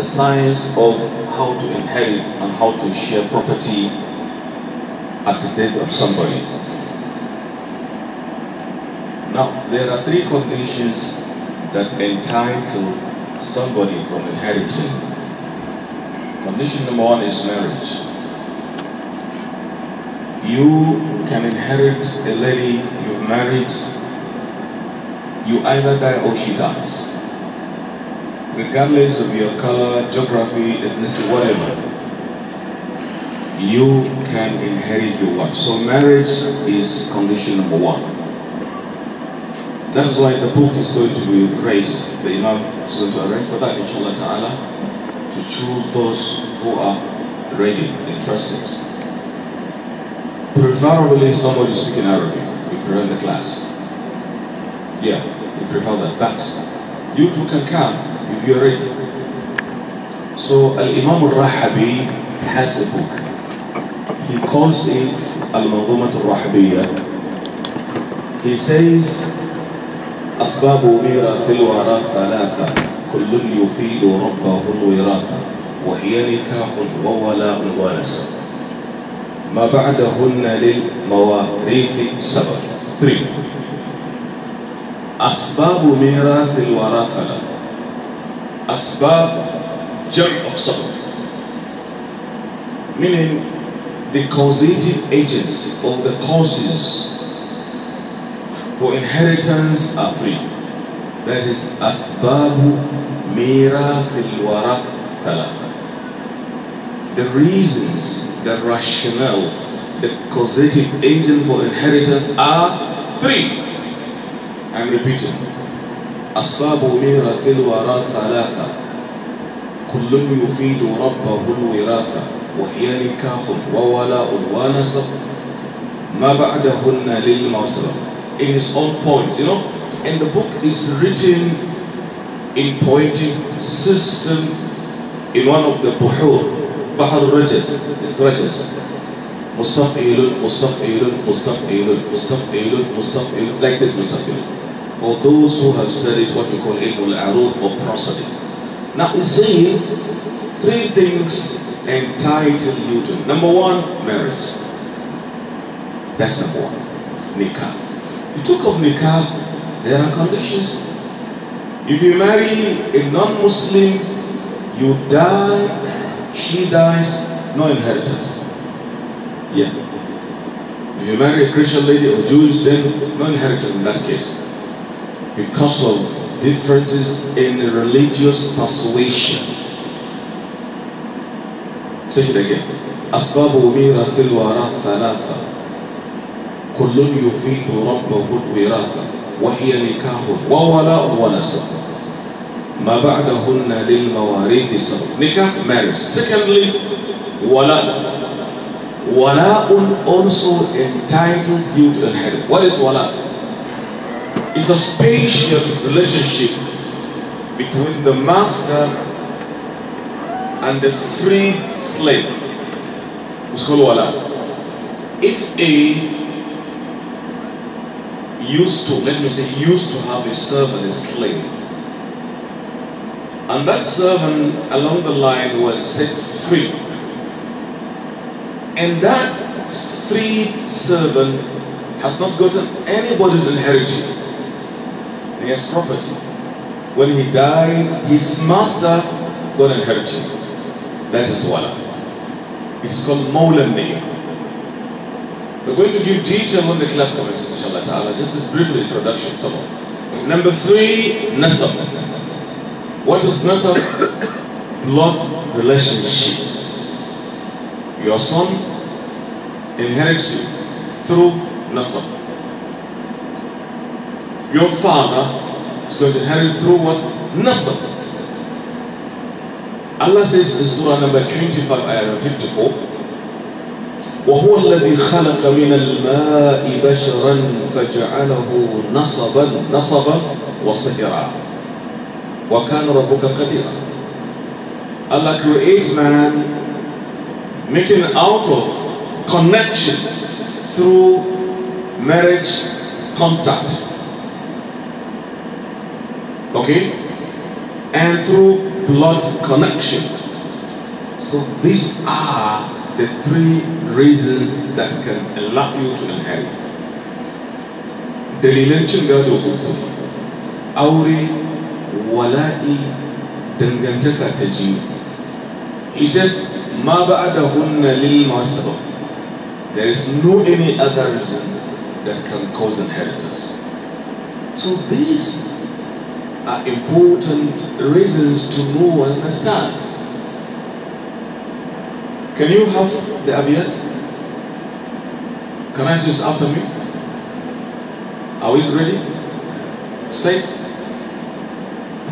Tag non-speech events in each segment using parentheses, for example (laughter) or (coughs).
the science of how to inherit and how to share property at the death of somebody. Now, there are three conditions that entitle somebody from inheriting. Condition number one is marriage. You can inherit a lady you've married, you either die or she dies regardless of your color, geography, ethnicity, whatever, you can inherit your wife. So marriage is condition number one. That is why the book is going to be raised. The Imam is going to arrange for that, inshallah ta'ala, to choose those who are ready, interested. Preferably somebody speaking Arabic, we prefer the class. Yeah, we prefer that. But you two can come if you read it. So Al-Imam al-Rahabi has a book. He calls it Al-Manzumat al-Rahabiyya. He says, أسباب ميراث الورى ثلاثة كل يفيد ربه الوراثة وهي نكاح وولاء ونسب ما بعدهن للمواريث سبب 3 أسباب ميراث الورى ثلاثة Asbab Jam of Sabab. Meaning the causative agents or the causes for inheritance are three. That is Asbabu Mirathil Wara The reasons, the rationale, the causative agent for inheritance are three. I'm repeating. أصحاب في الورى ثلاثة كل يفيد ربه الوراثة وهي نكاح وولاء ونسب ما بعدهن للمصرف in his own point you know and the book is written in poetic system in one of the buhur بحر الرجس is رجس مستفعل مستفعل مستفعل مستفعل مستفعل like this مستفعل or those who have studied what we call ilmul arud or prosody. Now we see three things entitle you to. Number one, marriage. That's number one. Nikah. You talk of nikah, there are conditions. If you marry a non-Muslim, you die, she dies, no inheritance. Yeah. If you marry a Christian lady or Jewish, then no inheritance in that case because of differences in religious persuasion. Take it again. أسباب ميراث الوراث ثلاثة كل يفيد ربه الوراث وهي نكاح وولاء ونسب ما بعدهن للمواريث سبب نكاح marriage secondly ولاء ولاء also entitles you to inherit what is ولاء it's a spatial relationship between the master and the freed slave. If a used to, let me say, used to have a servant, a slave, and that servant along the line was set free, and that freed servant has not gotten anybody's inheritance has property. When he dies, his master will inherit him. That is wala. It's called Mawlan name. We're going to give detail when the class commences, inshallah ta'ala. Just this brief introduction, someone. Number three, nasab. What is nasab? (coughs) Blood relationship. Your son inherits you through nasab. Your father is going to inherit through what? Nasr. Allah says in Surah number 25, ayah 54, وهو الذي خلق من الماء بشرا فجعله نصبا نصبا وكان ربك قديرا Allah creates man making out of connection through marriage contact Okay? And through blood connection. So these are the three reasons that can allow you to inherit. Dalilan cin gado uku aure, wala'i, dangantaka ta jini. He says, ma ba'ada hunna lil masaba. There is no any other reason that can cause inheritance. So these are important reasons to know and understand. Can you have the abiyat? Can I say this after me? Are we ready? Set?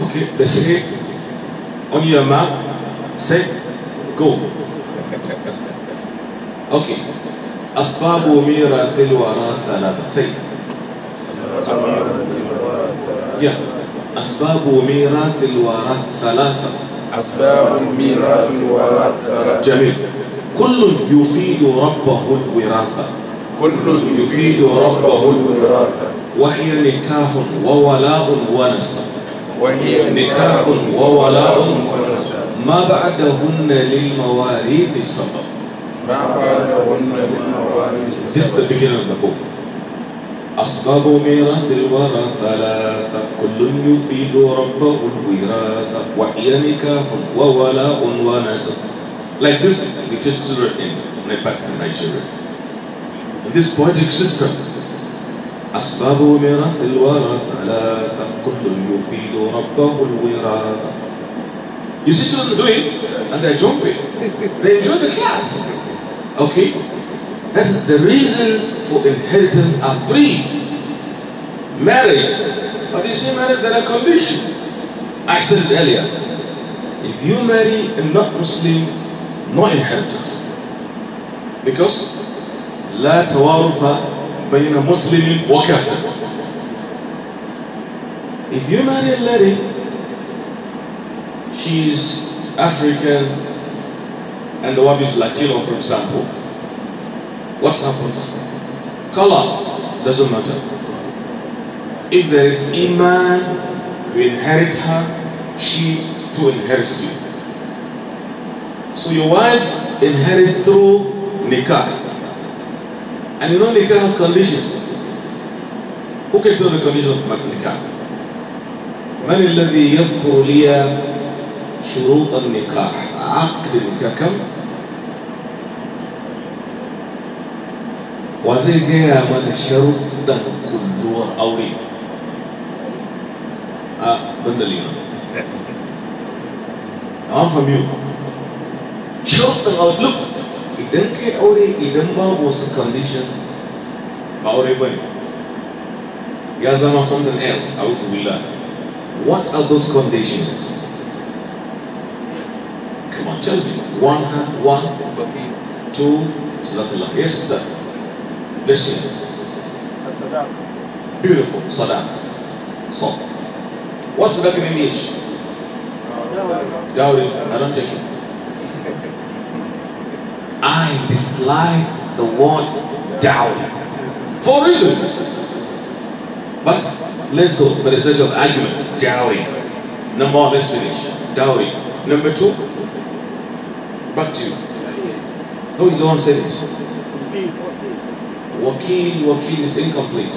Okay, The say on your mark, set, go. Okay. أسباب ميراث الوراث ثلاثة. Say. Yeah. أسباب ميراث الوراث ثلاثة أسباب ميراث الوراث ثلاثة جميل كل يفيد ربه الوراثة كل يفيد ربه الوراثة وهي نكاح وولاء ونسب وهي نكاح وولاء ونسب ما بعدهن للمواريث سبب ما بعدهن للمواريث سبب أصبغ ميراث الورى ثلاثة كل يفيد ربه الوراثة وهي نكاح وولاء ونسب Like this, we teach children in Nepal and Nigeria. In this poetic system, أصبغ ميراث الورى ثلاثة كل يفيد ربه الوراثة You see children doing and they're jumping. They enjoy the class. Okay? That the reasons for inheritance are three. Marriage. But you see, marriage, there are conditions. I said it earlier. If you marry a not-Muslim, no inheritance. Because لا توارث بين مسلم وكافر. If you marry a lady, she's African, and the wife is Latino, for example, what happens? Color doesn't matter. If there is Iman, you inherit her, she too inherits you. So your wife inherits through nikah. And you know nikah has conditions. Who can tell the conditions of nikah? من الذي يذكر لي شروط النكاح عقد النكاح كم wa zai gaya mana sharuɗan kulluwar aure a banda lima a an fami sharuɗan aure look idan kai aure idan babu wasu conditions ba aure ba ne ya zama something else a wuzu billah what are those conditions come on tell me one hand one okay two jazakallah yes sir Listen. Beautiful. Sadaq. Stop. What's the in English? Dowry. I don't take it. I dislike the word dowry. For reasons. But let's go for the sake of argument. Dowry. Number one, let's finish. Dowry. Number two. Back to you. No, you don't say it. Wakil, Wakil is incomplete.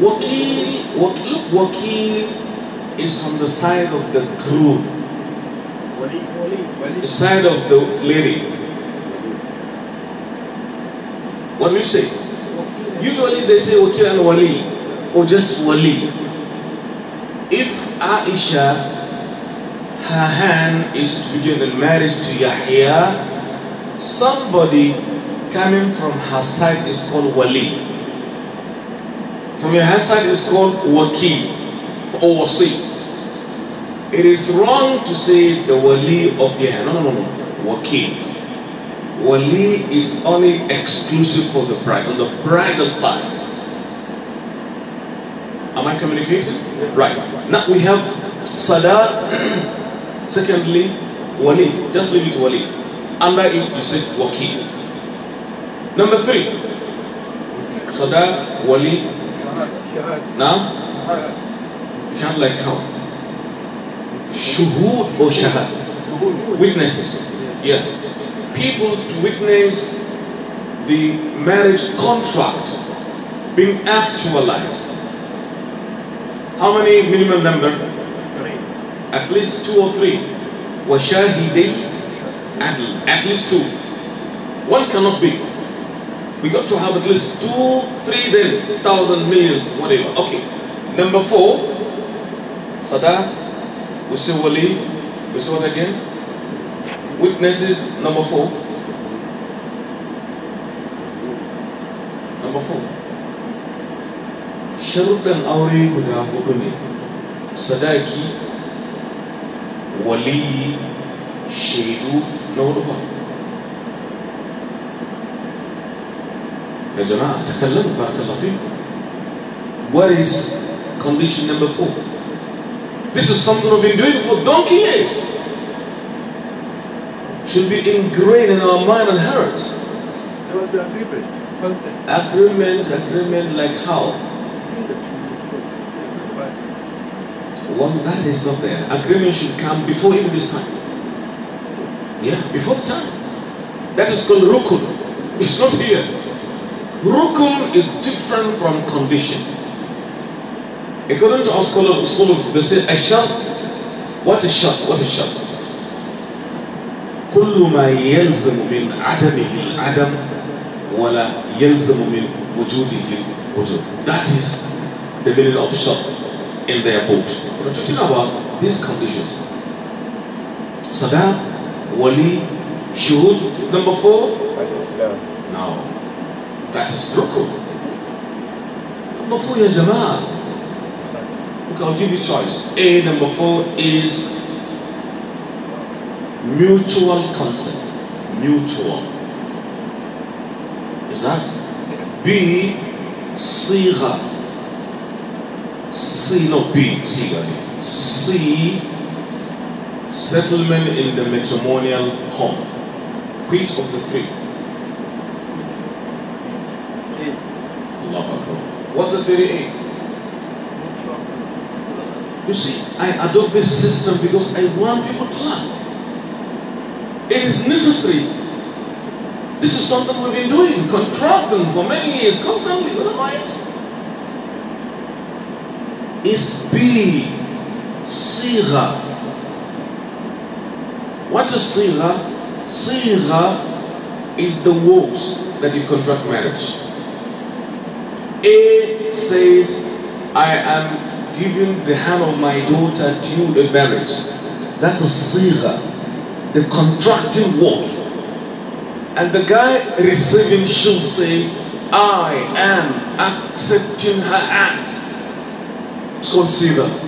Wakil, Wakil, look, Wakil is on the side of the groom. The side of the lady. What do you say? Usually they say Wakil and Wali, or just Wali. If Aisha, her hand is to begin given marriage to Yahya, somebody coming from her side is called wali. From her side is called waki or wasi. It is wrong to say the wali of your No, no, no, no. Waki. Wali is only exclusive for the bride, on the bridal side. Am I communicating? Right. Now we have Sadat, (clears throat) secondly, Wali. Just leave it Wali. Under it, you say wakil Number three, Sada, Wali. Now, shahad like how? Shuhud or shahad? Witnesses. Yeah. People to witness the marriage contract being actualized. How many minimum number? At least two or three. وشاهدي at least two. One cannot be. We got to have at least two, three then, thousand millions, whatever. Okay. Number four, Sada, we say Wali, we say what again? Witnesses, number four. Number four. Sharuɗan aure guda hudu ne, sadaki, wali, shaidu, نورفع يا جماعة تكلموا بارك الله فيكم What is condition number four? This is something we've been doing for donkey years. Should be ingrained in our mind and heart. There was the agreement, concept. Agreement, agreement like how? One that is not there. Agreement should come before even this time. Yeah, before time. That is called rukun. It's not here. Rukun is different from condition. According to our scholar Usuluf, they say, Ashab, what is shab? What is shab? كل ما يلزم من عدمه العدم ولا يلزم من وجوده الوجود. That is the meaning of shock in their books. We're talking about these conditions. So that wali, shuhud. Number four? No. That is rukun. Number four, ya jama'ah. Okay, I'll give you choice. A, number four is mutual consent. Mutual. Is that? B, sigha. C, not B, sigha. C, settlement in the matrimonial home. Which of the three? What's the 38? You see, I adopt this system because I want people to learn. It is necessary. This is something we've been doing, contracting for many years, constantly. What Is It's B, Sigha, what is sigha? Sigha is the words that you contract marriage. A says, I am giving the hand of my daughter to you in marriage. That is sigha, the contracting word. And the guy receiving should say, I am accepting her hand." It's called sigha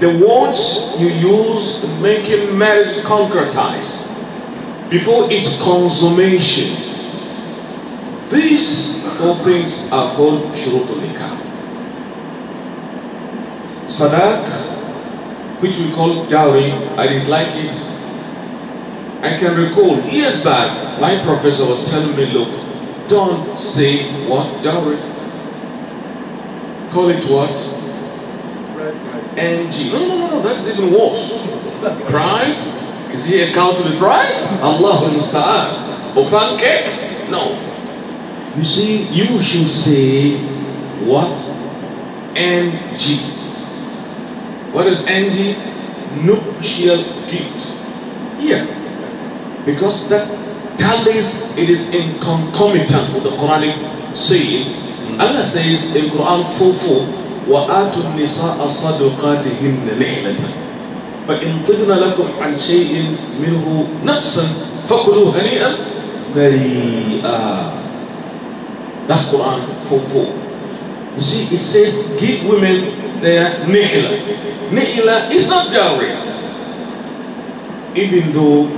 the words you use making marriage concretized before its consummation. These four things are called shurutul nikah. Sadak, which we call dowry, I dislike it. I can recall years back, my professor was telling me, look, don't say what dowry. Call it what? NG. No, no, no, no, that's even worse. Christ? Is he a cow to Christ? Allah musta'an. Or pancake? No. You see, you should say what? NG. What is NG? Nuptial gift. Yeah. Because that tallies, it is in concomitance with the Quranic saying. Mm. Allah says in Quran 4 4, وآتوا النساء صدقاتهن نحلة فإن طبن لكم عن شيء منه نفسا فكلوا هنيئا مريئا That's Quran 4.4 You see it says give women their nihla Nihla is not jariya Even though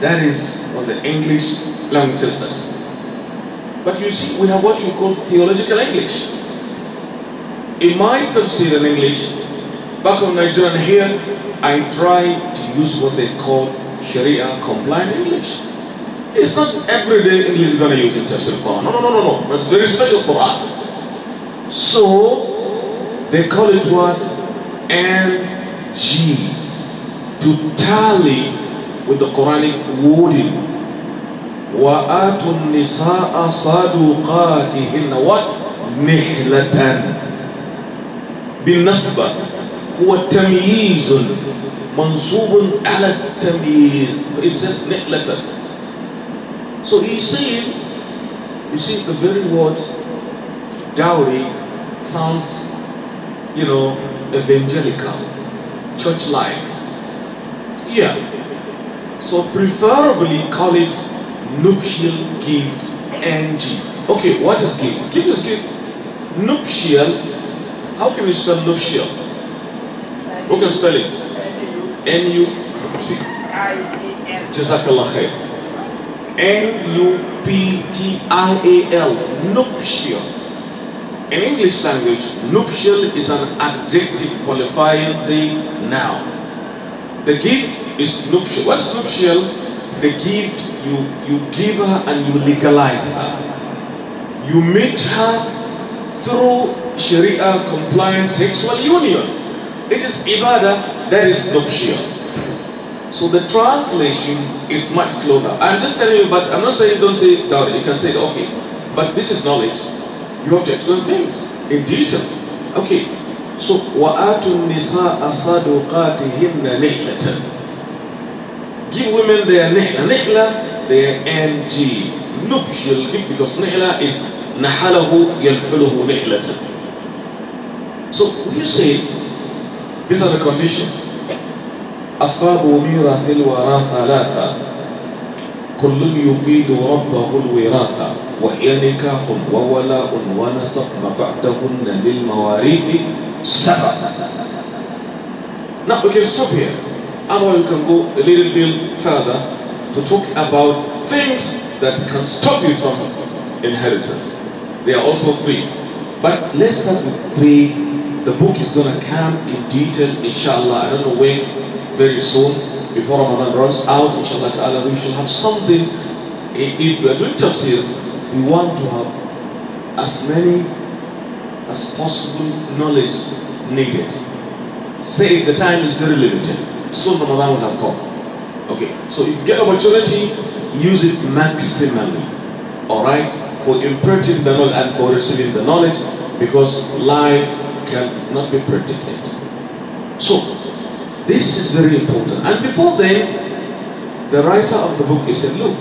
that is what the English language tells us But you see we have what we call theological English in might have said in English, back on Nigerian here, I try to use what they call Sharia compliant English. It's not everyday English you're going to use in Tafsir Quran. No, no, no, no, no. It's very special Quran. So, they call it what? NG. To tally with the Quranic wording. وَآتُ النِّسَاءَ صَدُقَاتِهِنَّ What? نِحْلَةً بالنسبة هو تمييز منصوب على التمييز it says so you see you see the very word dowry sounds you know evangelical church like yeah so preferably call it nuptial gift ng okay what is gift gift is gift nuptial how can you spell nuptial? Who can spell it? N U P. Jazakallah N U P T I A L. Nuptial. In English language, nuptial is an adjective qualifying the noun. The gift is nuptial. What is nuptial? The gift you you give her and you legalize her. You meet her through Sharia compliant sexual union. It is ibadah that is nuptial. So the translation is much closer. I'm just telling you, but I'm not saying don't say it You can say it, okay. But this is knowledge. You have to explain things in detail. Okay. So nisa النِّسَاءَ صَدُقَاتِهِنَّ نِحْلَةً Give women their nihla. Nihla, their NG. Nuptial gift because nihla is نَحَلَهُ يَلْحُلُهُ نِحْلَةً so when you say these are the conditions, أسباب ميراث الورى ثلاثة كل يفيد ربه الوراثة وهي نكاح وولاء ونسب ما بعدهن للمواريث سبع. Now we can stop here. Otherwise we can go a little bit further to talk about things that can stop you from inheritance. They are also three. But let's start with three the book is going to come in detail, inshallah. I don't know when, very soon, before Ramadan runs out, inshallah ta'ala, we shall have something. If we are doing tafsir, we want to have as many as possible knowledge needed. Say the time is very limited, soon Ramadan will have come. Okay, so if you get opportunity, use it maximally. Alright? For imparting the knowledge and for receiving the knowledge because life cannot be predicted. So, this is very important. And before then, the writer of the book, he said, look,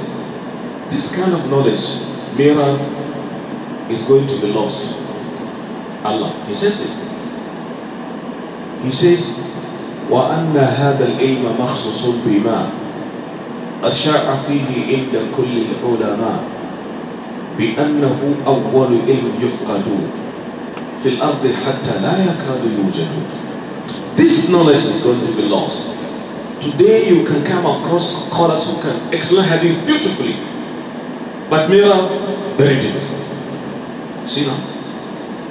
this kind of knowledge, mirror, is going to be lost. Allah, he says it. He says, وأن هذا الْإِلْمَ مخصوص بما أشاع فيه عند كل العلماء بأنه أول علم يفقدون في الأرض حتى لا يكاد يوجد This knowledge is going to be lost. Today you can come across scholars who can explain hadith beautifully. But mirror, very difficult. See now?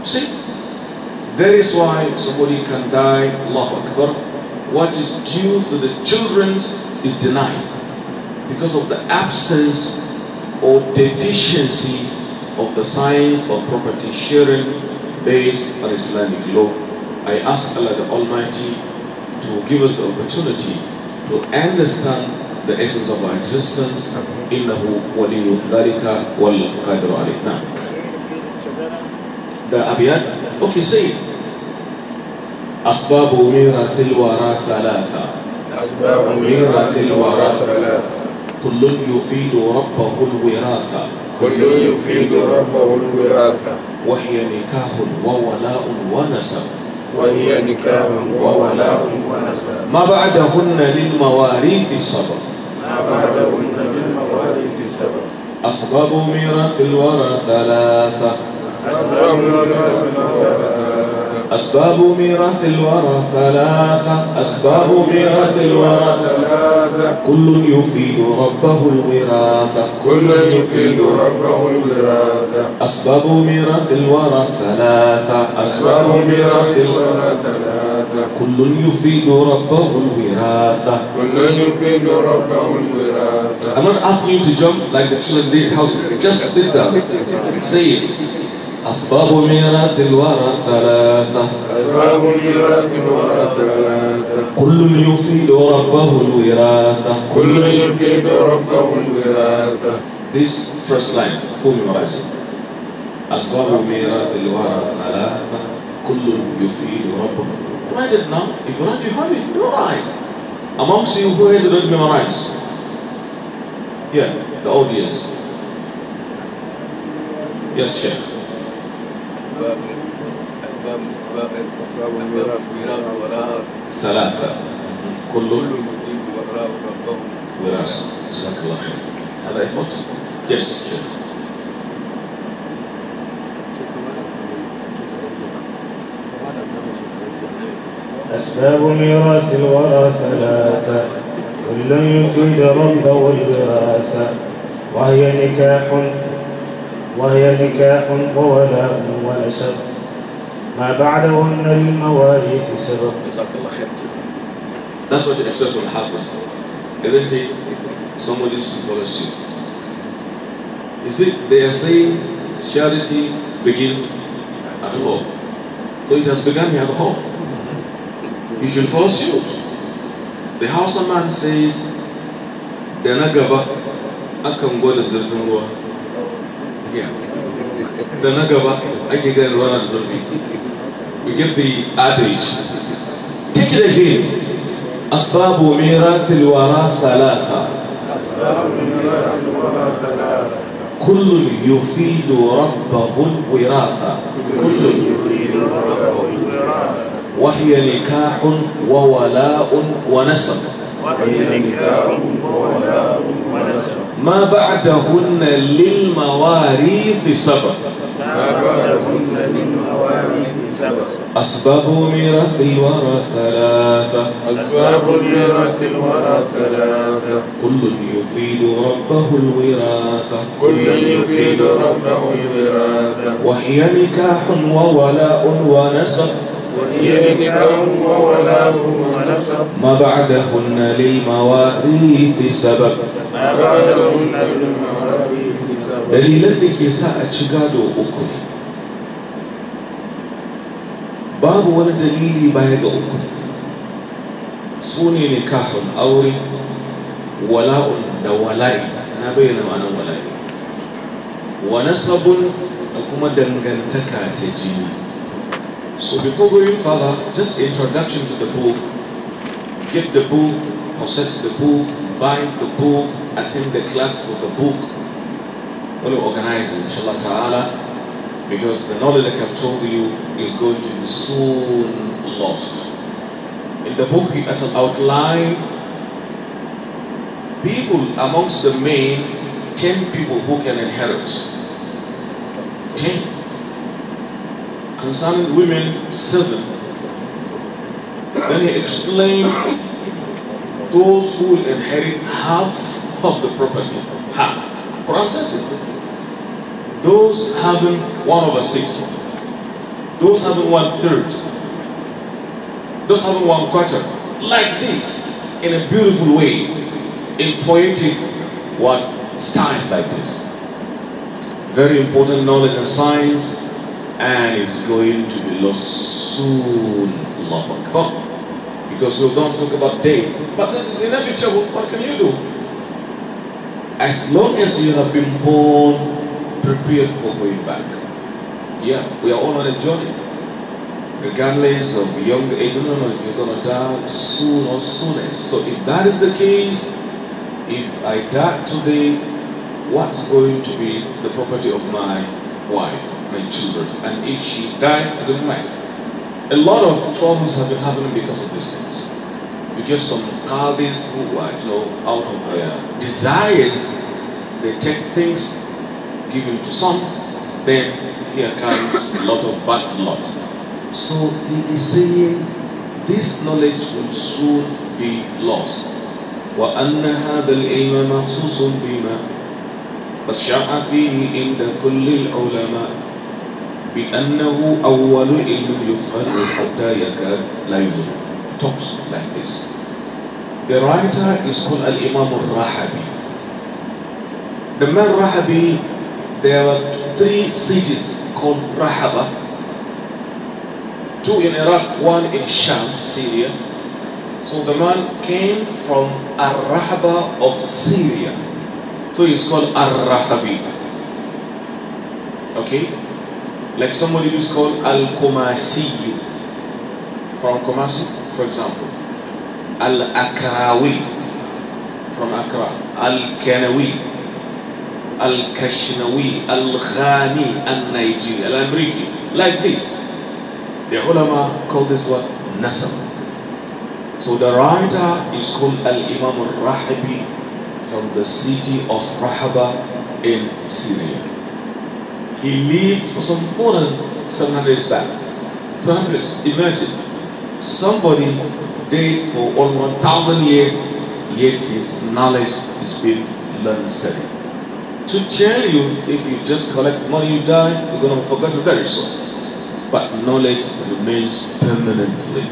See? That is why somebody can die, Allahu Akbar. What is due to the children is denied because of the absence or deficiency of the science of property sharing based on Islamic law. I ask Allah the Almighty to give us the opportunity to understand the essence of our existence. إِنَّهُ وَلِيُّ ذَلِكَ وَالْقَادِرُ عَلَيْهِ Now, the abiyat, okay, say it. أسباب ميراث الورى ثلاثة أسباب ميراث الورى ثلاثة كل يفيد ربه الوراثة كل يفيد ربه الوراثة وهي نكاح وولاء ونسب وهي نكاح وولاء ونسب ما بعدهن للمواريث سبب ما بعدهن للمواريث سبب أسباب ميراث الورى ثلاثة أسباب ميراث الورى ثلاثة أسباب ميراث الورى ثلاثة أسباب ميراث الورى ثلاثة كل يفيد ربه الوراثة كل يفيد ربه الوراثة أسباب ميراث الورى ثلاثة أسباب ميراث الورى ثلاثة كل يفيد ربه الوراثة كل يفيد ربه الوراثة I'm not asking you to jump like the children did. Help. Just sit down. Say it. أسباب ميراث الورى ثلاثة أسباب ميراث الورى ثلاثة كل يفيد ربه الوراثة كل يفيد ربه الوراثة This first line قومي مراجع أسباب ميراث الورى ثلاثة كل يفيد ربه Write it now. If you want, you have it. Memorize. Amongst you, who has already memorized? Here, the audience. Yes, Sheikh. أسباب أسباب السباق أسباب الوراث وراث ثلاثة كل المزيد وراء ربه وراث جزاك الله خير هذا يفوت يس شيخ أسباب ميراث الورى ثلاثة كل يفيد ربه الوراثة وهي نكاح وهي نكاح وولاء ونسب ما بعدهن المواريث سبب جزاك الله خير That's what you says from Hafiz. is Then take Somebody to follow suit. You see, they are saying charity begins at home. So it has begun here at home. You should follow suit. The Hausa man says, Danagaba, akan gwada zurfin ruwa da na gaba ake gani wannan zurfi get the adage take it again أسباب ميراث الورى ثلاثة أسباب ميراث الورى ثلاثة كل يفيد ربه الوراثة كل يفيد ربه الوراثة وهي نكاح وولاء ونسب وهي نكاح وولاء ونسب ما بعدهن للمواريث سبب ما بعدهن للمواريث سبب أسباب ميراث الورى ثلاثة أسباب ميراث الورى ثلاثة كل يفيد ربه الوراثة كل يفيد ربه الوراثة وهي نكاح وولاء ونسب وهي نكاح وولاء ونسب ما بعدهن للمواريث سبب dalilan da ke sa a ci gado uku ne babu wani dalili baya ga uku su ne nikahun aure wala'un da wala'i na bayyana ma'anar wala'i Wani sabon da kuma dangantaka ta jini so before going further just introduction to the book get the book or set the book buy the book, attend the class for the book. Well, we organize it, inshallah ta'ala, because the knowledge that I've told you is going to be soon lost. In the book, he outlined people amongst the main 10 people who can inherit. 10. Concerning women, 7. Then he explained those who will inherit half of the property. Half. Quran says it. Those having one over six. Those having one third. Those having one quarter. Like this, in a beautiful way, in poetic what style like this. Very important knowledge and science, and it's going to be lost soon. Allahu Akbar because we don't talk about date. But that is inevitable. What can you do? As long as you have been born prepared for going back. Yeah, we are all on a journey. Regardless of young age, you know, you're gonna die soon or soonest. So if that is the case, if I die today, what's going to be the property of my wife, my children? And if she dies, I don't mind. A lot of troubles have been happening because of these things. You get some Qadis who are, you know, out of their desires. They take things given to some. Then here comes a lot of bad luck. So he is saying this knowledge will soon be lost. وأن هذا العلم مخصوص بما قد شرع فيه عند كل العلماء بأنه أول علم يفقد حتى يكاد لا يوجد talks like this the writer is called Al-Imam Al-Rahabi the man Rahabi there are three cities called Rahaba two in Iraq one in Sham Syria so the man came from al rahaba of Syria so he's called al rahabi okay Like somebody who's called Al Kumasiyu from Kumasi, for example. Al Akrawi from Accra. Al Kanawi. Al Kashinawi, Al Ghani. and Naijiri. Al Amriki. Like this. The ulama call this what? Nasab. So the writer is called Al Imam Al Rahibi from the city of Rahaba in Syria. He lived for some more than 700 years back. 700 years, imagine. Somebody dead for almost 1,000 years, yet his knowledge is being learned steady. To tell you, if you just collect money, you die, you're going to forget very soon. But knowledge remains permanently.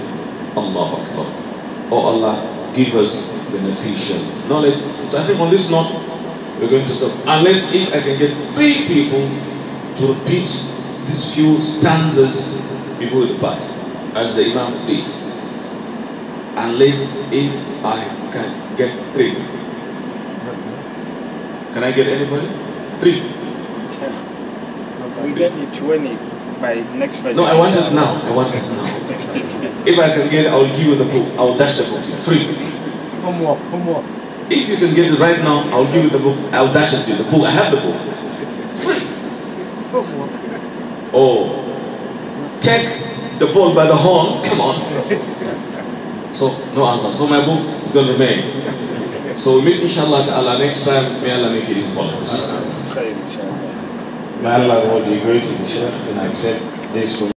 Allah Akbar. Oh Allah, give us beneficial knowledge. So I think on this note, we're going to stop. Unless if I can get three people to repeat these few stanzas before the part, as the Imam did. Unless if I can get three. Can I get anybody? Three. Okay. We get it 20 by next version. No, I want it now. I want it now. (laughs) if I can get it, I'll give you the book. I'll dash the book. Free. come on. If you can get it right now, I'll give you the book. I'll dash it to you. The book. I have the book. Oh, take the bull by the horn, come on. So, no answer. So my book is going to remain. So we meet inshallah ta'ala next time. May Allah make it easy May Allah hold you great and accept this one.